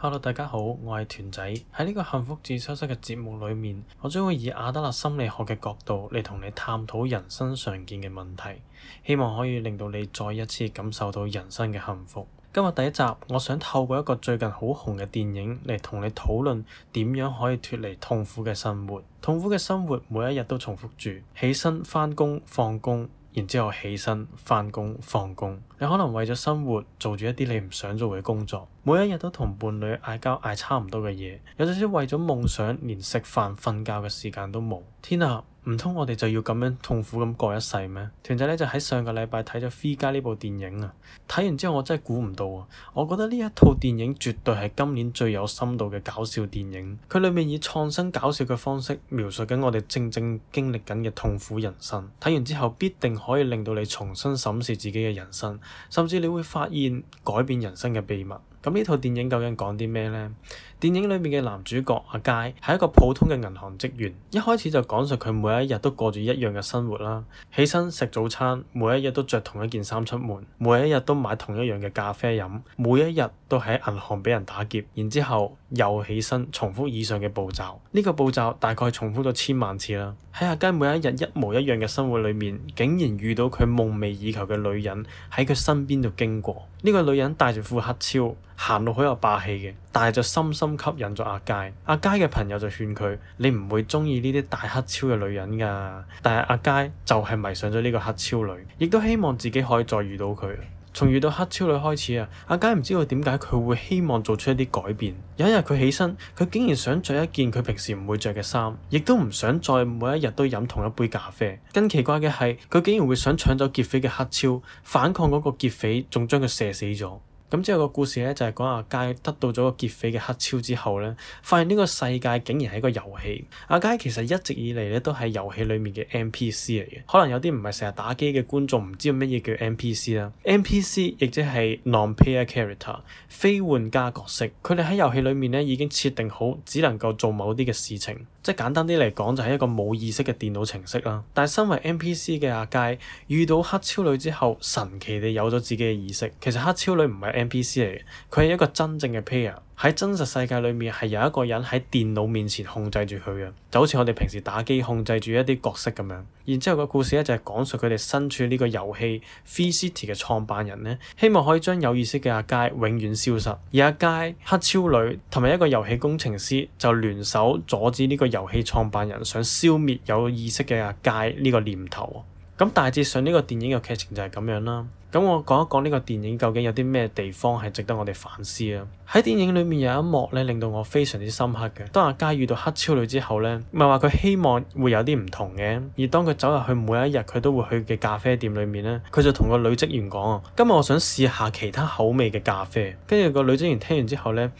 Hello，大家好，我係團仔，喺呢個幸福自修室嘅節目裏面，我將會以阿德勒心理學嘅角度嚟同你探討人生常見嘅問題，希望可以令到你再一次感受到人生嘅幸福。今日第一集，我想透過一個最近好紅嘅電影嚟同你討論點樣可以脫離痛苦嘅生活。痛苦嘅生活每一日都重複住，起身返工，放工。然之後起身翻工放工，你可能為咗生活做住一啲你唔想做嘅工作，每一日都同伴侶嗌交嗌差唔多嘅嘢，有陣時為咗夢想連食飯瞓覺嘅時間都冇。天啊！唔通我哋就要咁樣痛苦咁過一世咩？團仔呢就喺上個禮拜睇咗《Free guy》呢部電影啊，睇完之後我真係估唔到啊！我覺得呢一套電影絕對係今年最有深度嘅搞笑電影，佢裏面以創新搞笑嘅方式描述緊我哋正正經歷緊嘅痛苦人生。睇完之後必定可以令到你重新審視自己嘅人生，甚至你會發現改變人生嘅秘密。咁呢套電影究竟講啲咩呢？電影裏面嘅男主角阿佳係一個普通嘅銀行職員，一開始就講述佢每一日都過住一樣嘅生活啦。起身食早餐，每一日都着同一件衫出門，每一日都買同一樣嘅咖啡飲，每一日都喺銀行俾人打劫，然之後又起身重複以上嘅步驟。呢個步驟大概重複咗千萬次啦。喺阿佳每一日一模一樣嘅生活裏面，竟然遇到佢夢寐以求嘅女人喺佢身邊度經過。呢個女人帶住副黑超。行路好有霸氣嘅，但係就深深吸引咗阿佳。阿佳嘅朋友就勸佢：你唔會中意呢啲大黑超嘅女人㗎。但係阿佳就係迷上咗呢個黑超女，亦都希望自己可以再遇到佢。從遇到黑超女開始啊，阿佳唔知道點解佢會希望做出一啲改變。有一日佢起身，佢竟然想着一件佢平時唔會着嘅衫，亦都唔想再每一日都飲同一杯咖啡。更奇怪嘅係，佢竟然會想搶走劫匪嘅黑超，反抗嗰個劫匪，仲將佢射死咗。咁之後個故事咧就係講阿佳得到咗個劫匪嘅黑超之後咧，發現呢個世界竟然係一個遊戲。阿佳其實一直以嚟咧都係遊戲裡面嘅 NPC 嚟嘅，可能有啲唔係成日打機嘅觀眾唔知道乜嘢叫 NPC 啦。NPC 亦即係 non-player character，非玩家角色，佢哋喺遊戲裡面咧已經設定好，只能夠做某啲嘅事情。即係簡單啲嚟講，就係一個冇意識嘅電腦程式啦。但係身為 NPC 嘅阿佳遇到黑超女之後，神奇地有咗自己嘅意識。其實黑超女唔係，MPCN 嚟嘅，佢係一個真正嘅 player，喺真實世界裏面係有一個人喺電腦面前控制住佢嘅，就好似我哋平時打機控制住一啲角色咁樣。然之後個故事咧就係、是、講述佢哋身處呢個遊戲 Free City 嘅創辦人咧，希望可以將有意識嘅阿佳永遠消失。而阿佳黑超女同埋一個遊戲工程師就聯手阻止呢個遊戲創辦人想消滅有意識嘅阿佳呢個念頭。咁大致上呢個電影嘅劇情就係咁樣啦。咁我講一講呢個電影究竟有啲咩地方係值得我哋反思啊。喺電影裏面有一幕咧令到我非常之深刻嘅，當阿佳遇到黑超女之後咧，咪係話佢希望會有啲唔同嘅，而當佢走入去每一日佢都會去嘅咖啡店裏面咧，佢就同個女職員講啊：今日我想試下其他口味嘅咖啡。跟住個女職員聽完之後咧，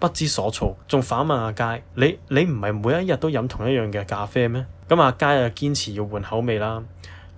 不知所措，仲反問阿佳：你你唔係每一日都飲同一樣嘅咖啡咩？咁阿佳又堅持要換口味啦。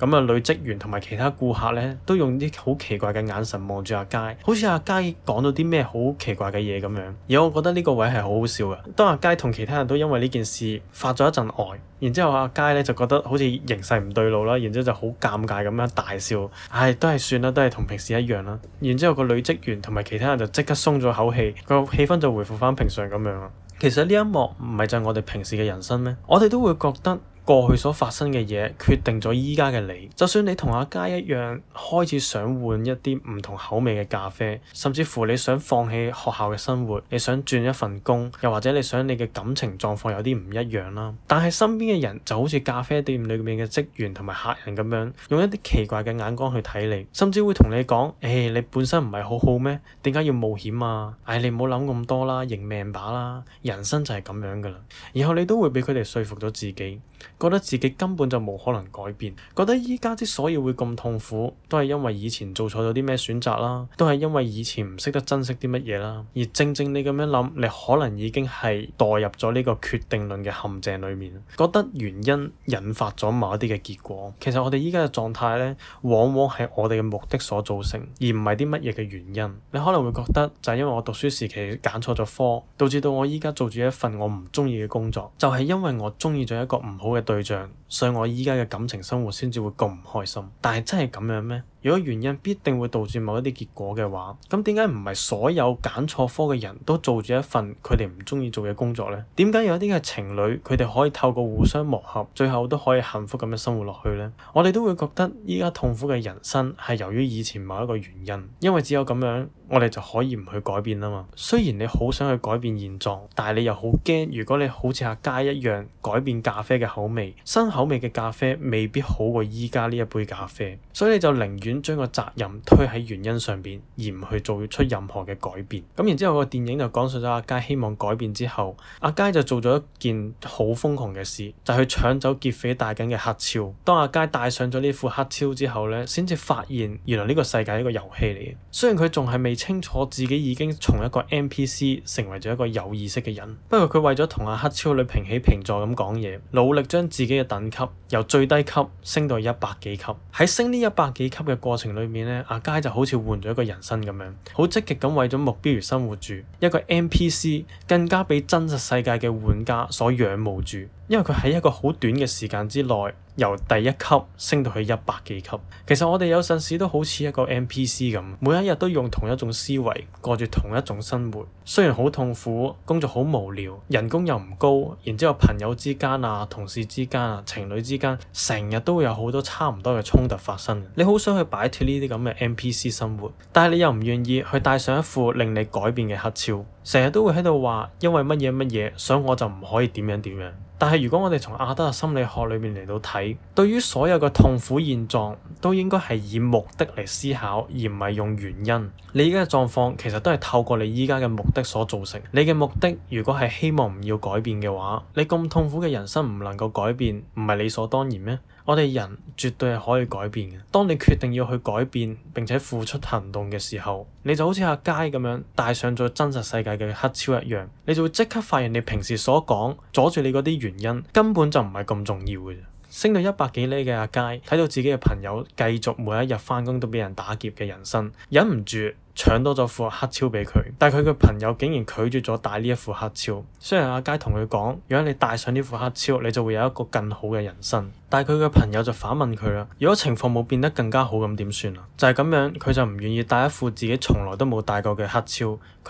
咁啊，女職員同埋其他顧客咧，都用啲好奇怪嘅眼神望住阿佳，好似阿佳講到啲咩好奇怪嘅嘢咁樣。而我覺得呢個位係好好笑嘅。當阿佳同其他人都因為呢件事發咗一陣呆，然之後阿佳咧就覺得好似形勢唔對路啦，然之後就好尷尬咁樣大笑。唉、哎，都係算啦，都係同平時一樣啦。然之後個女職員同埋其他人就即刻鬆咗口氣，個氣氛就回復返平常咁樣。其實呢一幕唔係就係我哋平時嘅人生咩？我哋都會覺得。過去所發生嘅嘢決定咗依家嘅你。就算你同阿佳一樣，開始想換一啲唔同口味嘅咖啡，甚至乎你想放棄學校嘅生活，你想轉一份工，又或者你想你嘅感情狀況有啲唔一樣啦。但係身邊嘅人就好似咖啡店裏面嘅職員同埋客人咁樣，用一啲奇怪嘅眼光去睇你，甚至會同你講：誒、哎，你本身唔係好好咩？點解要冒險啊？唉、哎，你唔好諗咁多啦，認命把啦，人生就係咁樣噶啦。然後你都會俾佢哋説服咗自己。覺得自己根本就冇可能改變，覺得依家之所以會咁痛苦，都係因為以前做錯咗啲咩選擇啦，都係因為以前唔識得珍惜啲乜嘢啦。而正正你咁樣諗，你可能已經係墮入咗呢個決定論嘅陷阱裡面，覺得原因引發咗某一啲嘅結果。其實我哋依家嘅狀態呢，往往係我哋嘅目的所造成，而唔係啲乜嘢嘅原因。你可能會覺得就係因為我讀書時期揀錯咗科，導致到我依家做住一份我唔中意嘅工作，就係因為我中意咗一個唔好嘅對象，所以我依家嘅感情生活先至會咁唔開心，但係真係咁樣咩？如果原因必定會導致某一啲結果嘅話，咁點解唔係所有揀錯科嘅人都做住一份佢哋唔中意做嘅工作咧？點解有一啲嘅情侶佢哋可以透過互相磨合，最後都可以幸福咁樣生活落去咧？我哋都會覺得依家痛苦嘅人生係由於以前某一個原因，因為只有咁樣，我哋就可以唔去改變啊嘛。雖然你好想去改變現狀，但係你又好驚如果你好似阿佳一樣改變咖啡嘅口味，新口味嘅咖啡未必好過依家呢一杯咖啡，所以你就寧願。將個責任推喺原因上邊，而唔去做出任何嘅改變。咁然之後個電影就講述咗阿佳希望改變之後，阿佳就做咗一件好瘋狂嘅事，就是、去搶走劫匪帶緊嘅黑超。當阿佳帶上咗呢副黑超之後呢，先至發現原來呢個世界係一個遊戲嚟嘅。雖然佢仲係未清楚自己已經從一個 NPC 成為咗一個有意識嘅人，不過佢為咗同阿黑超女平起平坐咁講嘢，努力將自己嘅等級由最低級升到一百幾級。喺升呢一百幾級嘅過程裏面呢，阿佳就好似換咗一個人生咁樣，好積極咁為咗目標而生活住，一個 NPC 更加俾真實世界嘅玩家所仰慕住，因為佢喺一個好短嘅時間之內。由第一級升到去一百幾級，其實我哋有陣時都好似一個 NPC 咁，每一日都用同一種思維過住同一種生活，雖然好痛苦，工作好無聊，人工又唔高，然之後朋友之間啊、同事之間啊、情侶之間，成日都會有好多差唔多嘅衝突發生。你好想去擺脫呢啲咁嘅 NPC 生活，但係你又唔願意去戴上一副令你改變嘅黑超，成日都會喺度話，因為乜嘢乜嘢，所以我就唔可以點樣點樣。但係如果我哋從阿德勒心理學裏面嚟到睇，對於所有嘅痛苦現狀，都應該係以目的嚟思考，而唔係用原因。你而家嘅狀況其實都係透過你而家嘅目的所造成。你嘅目的如果係希望唔要改變嘅話，你咁痛苦嘅人生唔能夠改變，唔係理所當然咩？我哋人絕對係可以改變嘅。當你決定要去改變，並且付出行動嘅時候，你就好似阿佳咁樣戴上咗真實世界嘅黑超一樣，你就會即刻發現你平時所講阻住你嗰啲原因根本就唔係咁重要嘅。升到一百幾釐嘅阿佳，睇到自己嘅朋友繼續每一日返工都俾人打劫嘅人生，忍唔住。搶到咗副黑超俾佢，但佢嘅朋友竟然拒絕咗戴呢一副黑超。雖然阿佳同佢講，如果你戴上呢副黑超，你就會有一個更好嘅人生。但係佢嘅朋友就反問佢啦，如果情況冇變得更加好咁，點算啊？就係咁樣，佢就唔願意戴一副自己從來都冇戴過嘅黑超，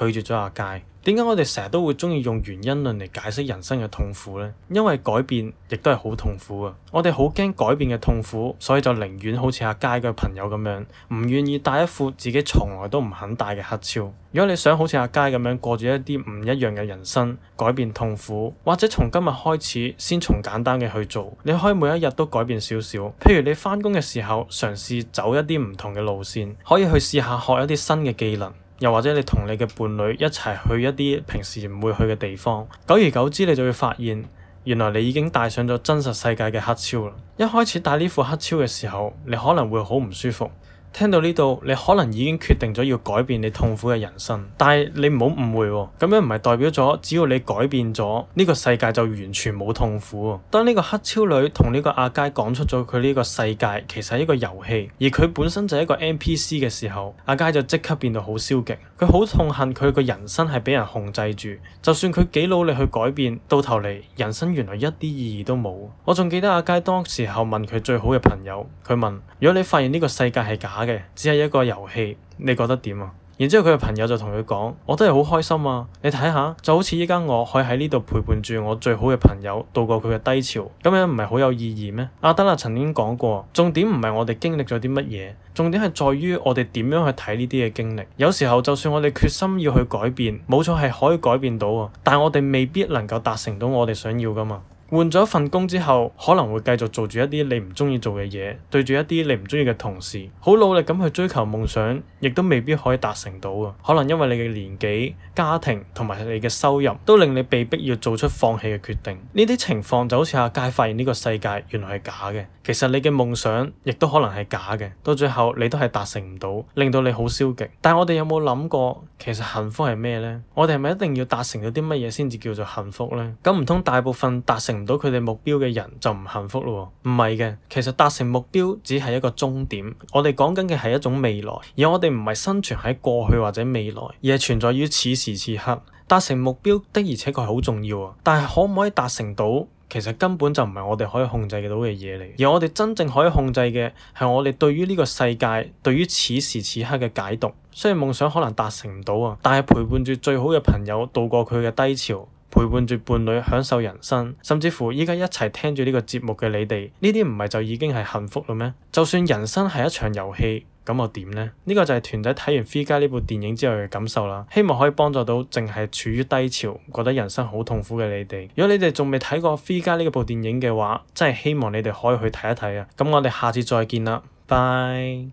拒絕咗阿佳。點解我哋成日都會中意用原因論嚟解釋人生嘅痛苦呢？因為改變亦都係好痛苦啊！我哋好驚改變嘅痛苦，所以就寧願好似阿佳嘅朋友咁樣，唔願意戴一副自己從來都唔肯戴嘅黑超。如果你想好似阿佳咁樣過住一啲唔一樣嘅人生，改變痛苦，或者從今日開始先從簡單嘅去做，你可以每一日都改變少少。譬如你返工嘅時候，嘗試走一啲唔同嘅路線，可以去試下學一啲新嘅技能。又或者你同你嘅伴侶一齊去一啲平時唔會去嘅地方，久而久之你就會發現，原來你已經戴上咗真實世界嘅黑超啦。一開始戴呢副黑超嘅時候，你可能會好唔舒服。聽到呢度，你可能已經決定咗要改變你痛苦嘅人生，但係你唔好誤會喎、哦，咁樣唔係代表咗只要你改變咗呢個世界就完全冇痛苦。當呢個黑超女同呢個阿佳講出咗佢呢個世界其實係一個遊戲，而佢本身就係一個 NPC 嘅時候，阿佳就即刻變到好消極，佢好痛恨佢個人生係俾人控制住，就算佢幾努力去改變，到頭嚟人生原來一啲意義都冇。我仲記得阿佳當時候問佢最好嘅朋友，佢問：如果你發現呢個世界係假嘅，只係一個遊戲，你覺得點啊？然之後佢嘅朋友就同佢講：我都係好開心啊！你睇下，就好似依家我可以喺呢度陪伴住我最好嘅朋友，度過佢嘅低潮，咁樣唔係好有意義咩？阿德勒曾經講過，重點唔係我哋經歷咗啲乜嘢，重點係在於我哋點樣去睇呢啲嘅經歷。有時候就算我哋決心要去改變，冇錯係可以改變到啊，但係我哋未必能夠達成到我哋想要㗎嘛。換咗份工之後，可能會繼續做住一啲你唔中意做嘅嘢，對住一啲你唔中意嘅同事，好努力咁去追求夢想，亦都未必可以達成到啊！可能因為你嘅年紀、家庭同埋你嘅收入，都令你被逼要做出放棄嘅決定。呢啲情況就好似阿佳發現呢個世界原來係假嘅，其實你嘅夢想亦都可能係假嘅，到最後你都係達成唔到，令到你好消極。但係我哋有冇諗過，其實幸福係咩呢？我哋係咪一定要達成咗啲乜嘢先至叫做幸福呢？咁唔通大部分達成？唔到佢哋目標嘅人就唔幸福咯，唔係嘅，其實達成目標只係一個終點，我哋講緊嘅係一種未來，而我哋唔係生存喺過去或者未來，而係存在於此時此刻。達成目標的，而且確係好重要啊，但係可唔可以達成到，其實根本就唔係我哋可以控制得到嘅嘢嚟，而我哋真正可以控制嘅係我哋對於呢個世界、對於此時此刻嘅解讀。雖然夢想可能達成唔到啊，但係陪伴住最好嘅朋友度過佢嘅低潮。陪伴住伴侶享受人生，甚至乎依家一齊聽住呢個節目嘅你哋，呢啲唔係就已經係幸福了咩？就算人生係一場遊戲，咁又點呢？呢、這個就係團仔睇完《Free guy》呢部電影之後嘅感受啦。希望可以幫助到淨係處於低潮、覺得人生好痛苦嘅你哋。如果你哋仲未睇過《Free guy》呢部電影嘅話，真係希望你哋可以去睇一睇啊！咁我哋下次再見啦，拜。